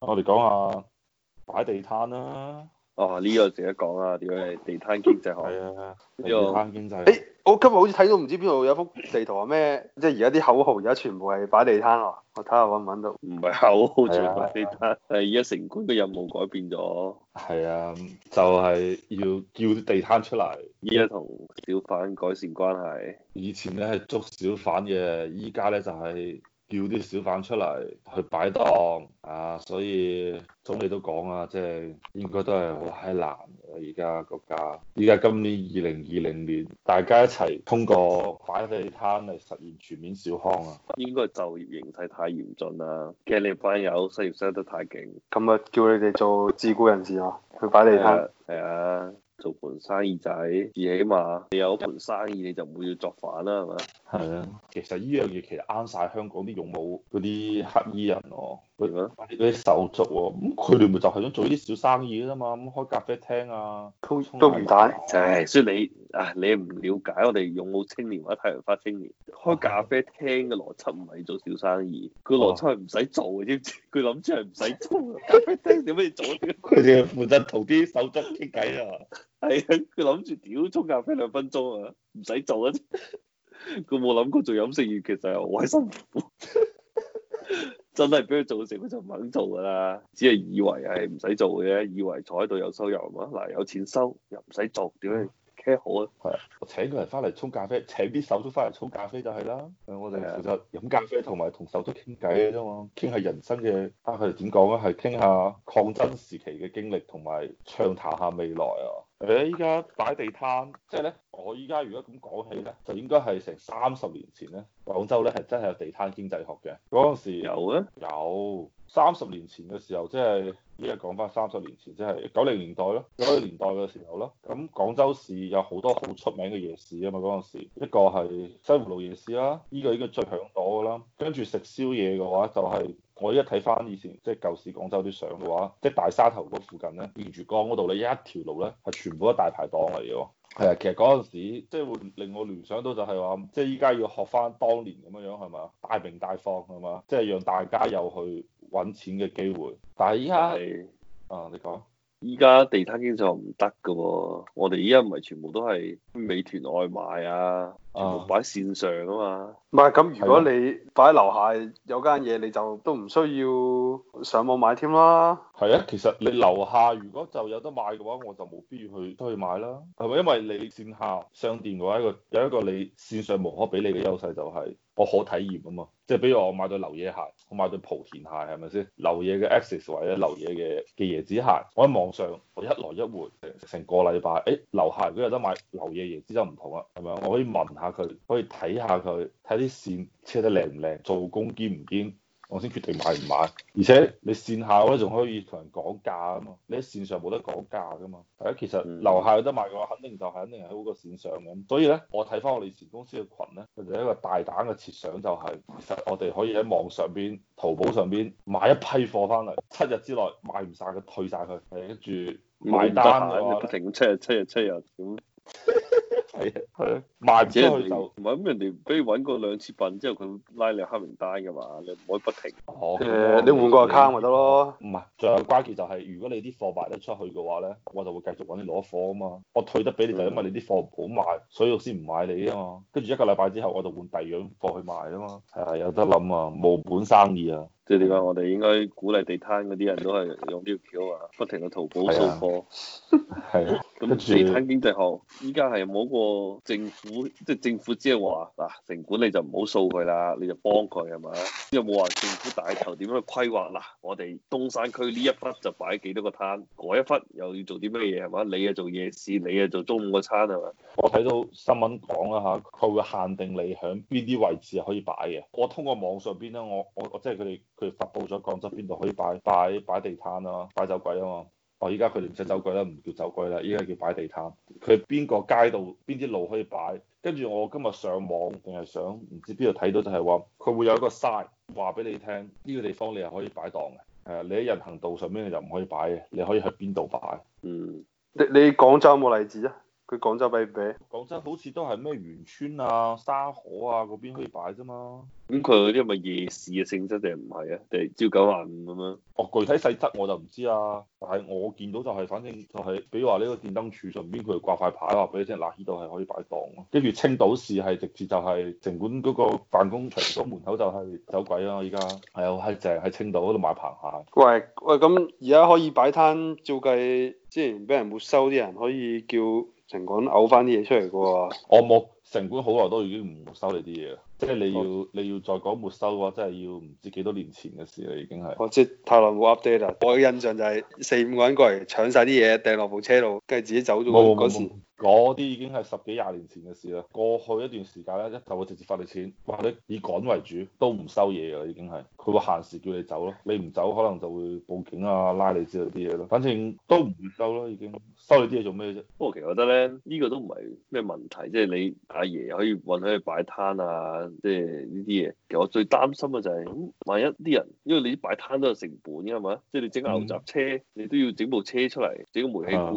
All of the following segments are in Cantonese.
我哋講下擺地攤啦。哦，呢、這個成日講啊，點、這、解、個、地攤經濟學。係啊、 這個，地攤經濟。誒、欸，我今日好似睇到唔知邊度有幅地圖話咩，即係而家啲口號而家全部係擺地攤啦。我睇下揾唔揾到。唔係口號全，做擺、啊、地攤。係而家城管嘅任務改變咗。係啊，就係、是、要叫啲地攤出嚟。而家同小販改善關係。以前咧係捉小販嘅，依家咧就係、是。叫啲小販出嚟去擺檔啊，所以總理都講啊，即係應該都係好閪難啊！而家國家，而家今年二零二零年，大家一齊通過擺地攤嚟實現全面小康啊！應該就業形態太嚴峻啦，驚你班友失業失得太勁。咁啊，叫你哋做自僱人士啊，去擺地攤。係啊，啊，做盤生意仔，至起碼嘛，你有盤生意你就唔會要作反啦，係咪？係啊，其實呢樣嘢其實啱晒香港啲勇武嗰啲黑衣人哦、啊，嗰啲嗰啲手足喎，咁佢哋咪就係想做啲小生意嘅啦嘛，咁開咖啡廳啊，都唔大，唉、就是，所以你啊，你唔了解我哋勇武青年或者太陽花青年，開咖啡廳嘅邏輯唔係做小生意，佢邏輯係唔使做嘅，佢諗住係唔使做， 咖啡廳有乜嘢做？佢哋負責同啲手足傾偈 啊？係啊，佢諗住屌沖咖啡兩分鐘啊，唔使做啊。佢冇諗過做飲食業，其實係好辛苦， 真係俾佢做成佢就唔肯做噶啦，只係以為係唔使做嘅，以為坐喺度有收入啊，嗱有錢收又唔使做，點樣 care 好啊？係我請個人翻嚟沖咖啡，請啲手足翻嚟沖咖啡就係啦，的我哋其實飲咖啡同埋同手足傾偈嘅啫嘛，傾下人生嘅，啊佢哋點講咧？係傾下抗爭時期嘅經歷，同埋暢談下未來啊。誒依家擺地攤，即係咧，我依家如果咁講起咧，就應該係成三十年前咧，廣州咧係真係有地攤經濟學嘅，嗰陣時有咧有三十年前嘅時候，即係依家講翻三十年前，即係九零年代咯，九零年代嘅時候咯，咁廣州市有好多好出名嘅夜市啊嘛，嗰陣時一個係西湖路夜市啦，依個已經最響道嘅啦，跟住食宵夜嘅話就係。我依家睇翻以前即係舊時廣州啲相嘅話，即係大沙頭嗰附近咧，沿住江嗰度咧，一條路咧係全部都大排檔嚟嘅。係啊，其實嗰陣時即係會令我聯想到就係話，即係依家要學翻當年咁樣樣係嘛，大鳴大放係嘛，即係讓大家有去揾錢嘅機會。但係依家，係啊，你講。依家地攤經濟就唔得噶喎，我哋依家唔係全部都係美團外賣啊，全部擺喺線上啊嘛。唔係咁，如果你擺喺樓下有間嘢，你就都唔需要上網買添啦。係啊，其實你樓下如果就有得賣嘅話，我就冇必要去出去買啦。係咪？因為你線下商店嘅話，一個有一個你線上無可比擬嘅優勢就係、是。我好體驗啊嘛，即係比如我買對流嘢鞋，我買對莆田鞋係咪先？流嘢嘅 Access 或者流嘢嘅嘅椰子鞋，我喺網上我一來一回成成個禮拜，誒、欸、流鞋如果有得買流嘢椰子就唔同啦，係咪？我可以聞下佢，可以睇下佢，睇啲線車得靚唔靚，做工堅唔堅。我先決定買唔買，而且你線下嗰啲仲可以同人講價啊嘛，你喺線上冇得講價㗎嘛，係啊，其實樓下有得賣嘅話，肯定就係肯定係好過線上嘅，所以咧，我睇翻我以前公司嘅群咧，佢哋一個大膽嘅設想就係，其實我哋可以喺網上邊、淘寶上邊買一批貨翻嚟，七日之內賣唔晒，佢退晒。佢，係跟住買單咁，不停七日七日七日咁。 係，賣者佢就唔係咁，人哋比如搵過兩次品之後，佢拉你黑名單嘅嘛，你唔可以不停。哦。誒、呃，嗯、你換個 account 咪得咯？唔係，仲有關鍵就係、是，如果你啲貨賣得出去嘅話咧，我就會繼續搵你攞貨啊嘛。我退得俾你就因為你啲貨唔好賣，的所以我先唔買你啊嘛。跟住一個禮拜之後，我就換第二樣貨去賣啊嘛。係啊，有得諗啊，冇本生意啊。即係點講？我哋應該鼓勵地攤嗰啲人都係用呢個橋啊，不停去淘寶掃貨。係咁地攤經濟學依家係冇個政府，即係政府即係話嗱，城管你就唔好掃佢啦，你就幫佢係咪？又有冇話政府帶頭點樣去規劃嗱？我哋東山區呢一忽就擺幾多個攤，嗰一忽又要做啲咩嘢係嘛？你啊做夜市，你啊做中午個餐係嘛？我睇到新聞講一下，佢會限定你喺邊啲位置可以擺嘅。我通過網上邊咧，我我，我即係佢哋。佢發布咗廣州邊度可以擺擺擺地攤啊，擺走鬼啊嘛。哦，依家佢哋唔使走鬼啦、啊，唔叫走鬼啦、啊，依家叫擺地攤。佢邊個街道、邊啲路可以擺？跟住我今日上網定係想唔知邊度睇到就係、是、話，佢會有一個 sign 話俾你聽，呢、這個地方你係可以擺檔嘅。係你喺人行道上面你就唔可以擺嘅，你可以去邊度擺？嗯，你你廣州有冇例子啊？佢廣州俾唔俾？廣州好似都係咩員村啊、沙河啊嗰邊可以擺啫嘛。咁佢啲咪夜市嘅性質定係唔係啊？定係朝九晚五咁樣？哦，具體細則我就唔知啊，但係我見到就係，反正就係，比如話呢個電燈柱上邊佢掛塊牌話俾你聽，嗱呢度係可以擺檔。跟住青島市係直接就係、是、城管嗰個辦公場所門口就係走鬼啦。而家係啊，好閪正喺青島嗰度賣螃蟹。喂喂，咁而家可以擺攤照計，之前俾人沒收啲人可以叫城管嘔翻啲嘢出嚟嘅喎。哦，冇，城管好耐都已經唔收你啲嘢。即係你要、oh. 你要再講沒收嘅話，真係要唔知幾多年前嘅事啦，已經係。我知太耐冇 update 啦。我嘅印象就係四五個人過嚟搶晒啲嘢，掟落部車度，跟住自己走咗。嗰不時嗰啲已經係十幾廿年前嘅事啦。過去一段時間咧，一就會直接罰你錢。或者以趕為主，都唔收嘢噶啦，已經係。佢話限時叫你走咯，你唔走可能就會報警啊，拉你之類啲嘢咯。反正都唔收咯，已經收你啲嘢做咩啫？不過其實我覺得咧，呢、這個都唔係咩問題，即、就、係、是、你阿爺可以允許你去擺攤啊。即係呢啲嘢，其實我最擔心嘅就係、是、咁，萬一啲人，因為你啲擺攤都有成本噶嘛，即、就、係、是、你整個牛雜車，嗯、你都要整部車出嚟，整個煤氣罐，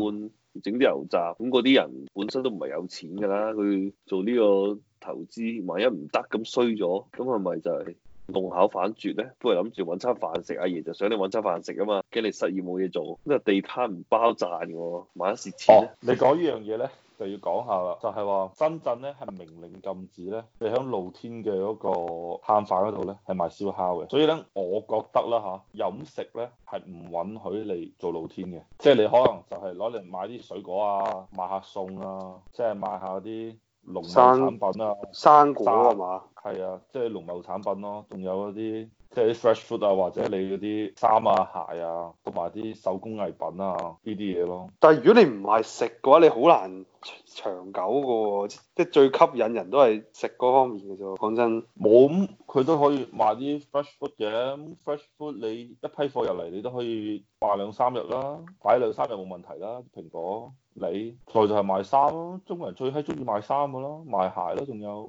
整啲、嗯、牛雜，咁嗰啲人本身都唔係有錢噶啦，佢做呢個投資，萬一唔得咁衰咗，咁係咪就係弄巧反拙咧？都係諗住揾餐飯食，阿爺就想你揾餐飯食啊嘛，驚你失業冇嘢做，因為地攤唔包賺喎，萬一蝕錢、哦、你講呢樣嘢咧？就要講下啦，就係話深圳咧係明令禁止咧，你喺露天嘅嗰個攤販嗰度咧係賣燒烤嘅，所以咧我覺得啦嚇、啊、飲食咧係唔允許你做露天嘅，即係你可能就係攞嚟買啲水果啊，買下餸啊，即係買下啲農牧產品啊，生，生果啊嘛？係啊，即、就、係、是、農牧產品咯、啊，仲有嗰啲。即係啲 fresh food 啊，或者你嗰啲衫啊、鞋啊，同埋啲手工藝品啊，呢啲嘢咯。但係如果你唔賣食嘅話，你好難長久嘅喎、哦，即係最吸引人都係食嗰方面嘅啫。講真，冇佢都可以賣啲 fresh food 嘅，fresh food 你一批貨入嚟，你都可以賣兩三日啦，擺兩三日冇問題啦。蘋果、你，再就係賣衫咯。中國人最係中意賣衫嘅咯，賣鞋咯、啊，仲有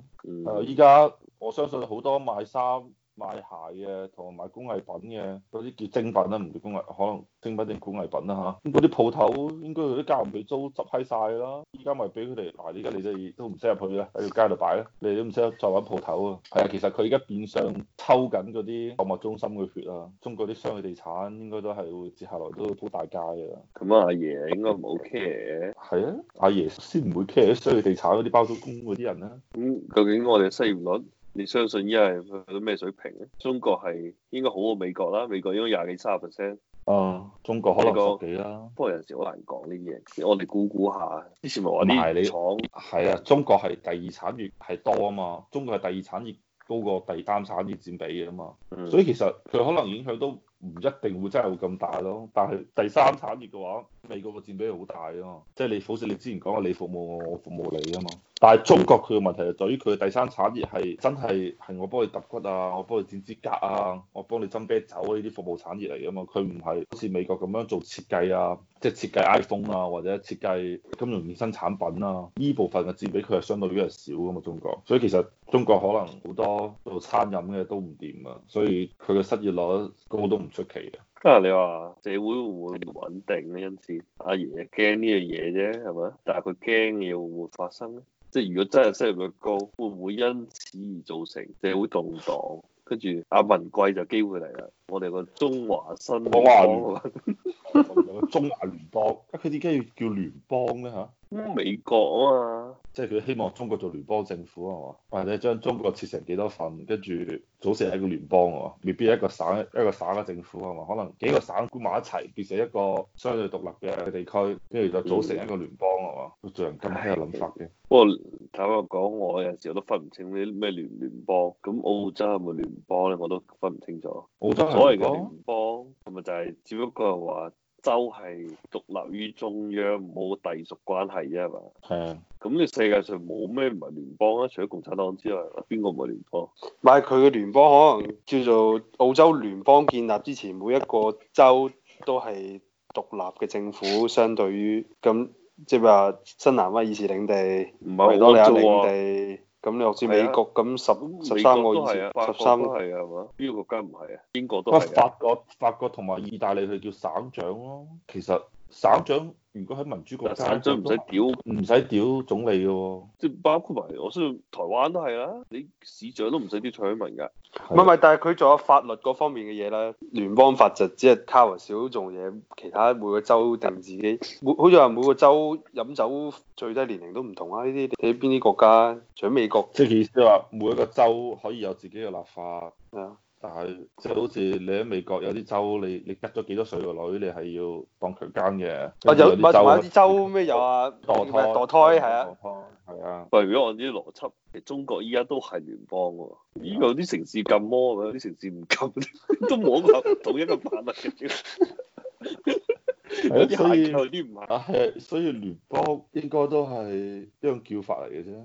誒依家我相信好多賣衫，賣鞋嘅，同埋賣工藝品嘅，嗰啲叫精品啦，唔叫工藝，可能精品定工藝品啦嚇。咁嗰啲鋪頭，應該佢啲交唔起租，執笠晒啦。依家咪俾佢哋，嗱，依家你哋都唔使入去啦，喺條街度擺啦。你都唔使再搵鋪頭啊。係啊，其實佢而家變相抽緊嗰啲購物中心嘅血啦，啊。中國啲商業地產應該都係會接下嚟都好大街噶啦。咁阿爺應該冇 care 嘅。係啊，阿爺先唔會 care 商業地產嗰啲包租公嗰啲人啦，啊。咁、嗯、究竟我哋失業率？你相信依係去到咩水平咧？中國係應該好過美國啦，美國應該廿幾三十 percent，啊，中國可能十幾啦。不過有時好難講呢啲嘢，我哋估估下。之前咪話你廠係啊，中國係第二產業係多啊嘛，中國係第二產業高過第三產業佔比嘅啊嘛，嗯、所以其實佢可能影響到。唔一定會真係會咁大咯，但係第三產業嘅話，美國個佔比好大咯，即係你，好似你之前講話，你服務我，我服務你啊嘛。但係中國佢嘅問題就係在於佢第三產業係真係係我幫你揼骨啊，我幫你剪指甲啊，我幫你斟啤酒啊，呢啲服務產業嚟噶嘛，佢唔係好似美國咁樣做設計啊，即係設計 iPhone 啊，或者設計金融衍生產品啊，呢部分嘅佔比佢係相對比較少噶嘛，中國。所以其實中國可能好多做餐飲嘅都唔掂啊，所以佢嘅失業率高都唔。出奇嘅，咁啊！你話社會會唔會唔穩定咧？因此阿爺驚呢樣嘢啫，係咪？但係佢驚嘢會唔會發生咧？即係如果真係失業率高，會唔會因此而造成社會動盪？跟住阿文貴就機會嚟啦！我哋個中華新我話聯 中華聯邦，佢點解要叫聯邦咧？嚇？美國啊嘛。即係佢希望中國做聯邦政府啊嘛，或者將中國切成幾多份，跟住組成一個聯邦啊嘛。未必係一個省一個省嘅政府啊嘛？可能幾個省攏埋一齊，變成一個相對獨立嘅地區，跟住就組成一個聯邦係嘛？嗯、都做人咁閪有諗法嘅。不過坦白講，我有陣時候都分唔清啲咩聯聯邦。咁澳洲係咪聯邦咧？我都分唔清楚。澳洲所謂嘅聯邦，係咪就係、是、只不過係話？州係獨立於中央，冇隸屬關係啫嘛。係啊的，咁你世界上冇咩唔係聯邦啊？除咗共產黨之外，邊個唔係聯邦？唔係佢嘅聯邦，可能叫做澳洲聯邦建立之前，每一個州都係獨立嘅政府，相對於咁即係話新南威爾士領地，維多利亞領地。咁你好似美國咁十，啊、十三個縣，啊、十三個係啊嘛？邊個國家唔係啊？邊個，啊、國都係、啊。法國法國，同埋意大利佢叫省長咯，其實。省長如果喺民主國，省長唔使屌唔使屌總理嘅喎、哦，即係包括埋我需要台灣都係啦、啊，你市長都唔使屌蔡英文噶，唔係係，但係佢做下法律各方面嘅嘢啦，聯邦法則只係 cover 少種嘢，其他每個州定自己，好似話每個州飲酒最低年齡都唔同啊，呢啲喺邊啲國家？除咗美國，即係意思話每一個州可以有自己嘅立法，啊。但係，即係好似你喺美國有啲州，你你得咗幾多歲個女，你係要當強奸嘅。啊有，買啲州咩有啊？墮胎，墮胎係胎啊。胎，係啊。但係如果按啲邏輯，中國依家都係聯邦喎。依有啲城市禁摩，有啲城市唔禁，都冇共同一個範圍嘅啫。所以聯邦應該都係一種叫法嚟嘅啫。